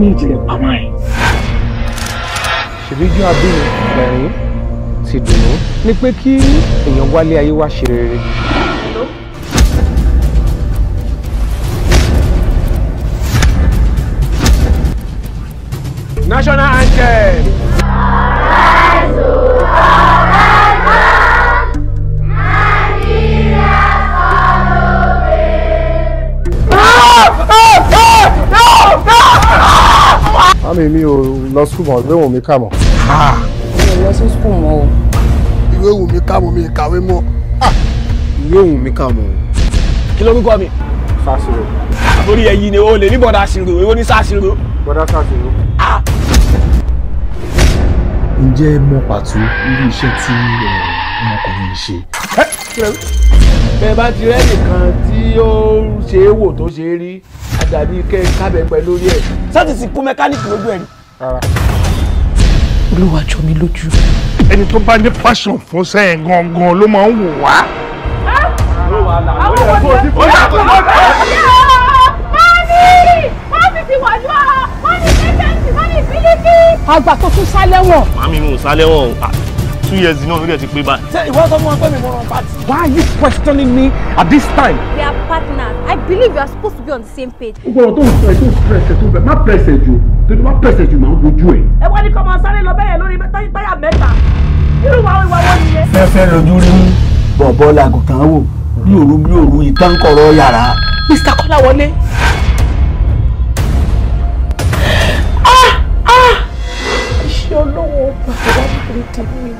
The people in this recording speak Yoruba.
ní ìjìnlẹ̀ pamọ́ ẹ̀. ṣèbíjú abínú ẹ̀rín ti dùnú ni pé kí èèyàn wálé ayé wá ṣe rere. National anthem. Ah! ah! ah! ah! Mami mi ò lọ school mọ́ ìwé wùn mi kà mọ́. Ah. Mi ò lọ sí school mọ́ o. Ìwé wùn mi kà mọ́ mi kàwé mọ́. Ah. Ìwé wùn mi kà mọ́ o. Kí ló ń kọ́ mi? Sàṣìrò. Orí ẹyí ni o lè ní bọ̀dà ṣìrò, èwo ni sàṣìrò? Bọ̀dà sàṣìrò. Ah. Ǹjẹ́ mọ pàtó irú iṣẹ́ tí eh, ọmọkùnrin ń ṣe? Bẹ́ẹ̀ bá ti rẹ́ nìkan tí ó ṣe é wò tó ṣe é rí dàbí kẹ́ kábẹ́ pẹ́ lórí ẹ̀. sọ́ọ̀tì ti kú mẹkáníìkì lójú ẹ̀ rí. olúwa jọ mi lójú. ẹni tó bá ní passion fún sẹ́yìn gangan ló máa ń wò wá. àwọn ọmọ mi ò yà kó lọ bẹ́ẹ̀. mami mami ti wà lọ mami pẹ́sẹ́ǹtì mami bílíkì. àgbà tó tún sálẹ́wọ̀n. mami mo sálẹ́wọ̀n ah, two years náà lórí ẹ ti pé báyìí. ṣé ìwọ sọ fún wọn pé mi mo rán why are you questioning me at this time. we are partners. I believe you are supposed to be on the same page. Gbogbo ọ̀rọ̀ tó ń sọ ẹ̀ tó ń stress ẹ̀ tó ń bẹ̀ má press ẹ̀ jù torí má press ẹ̀ jù máa ń bojú ẹ̀. Ẹ wá ní kọ́ máa sáré lọ bẹ́ẹ̀ lórí táyà mẹ́ta. Irú wa ìwà wo nìyẹn? Fẹ́fẹ́ lójú rí mú bọ̀bọ̀ làgùntàn wò bí òru bí òru ìtànkọ̀rọ̀ yàrá. Mr. Kọ́láwọlé. Ṣé olówó bàbá wa nítorí tèmi?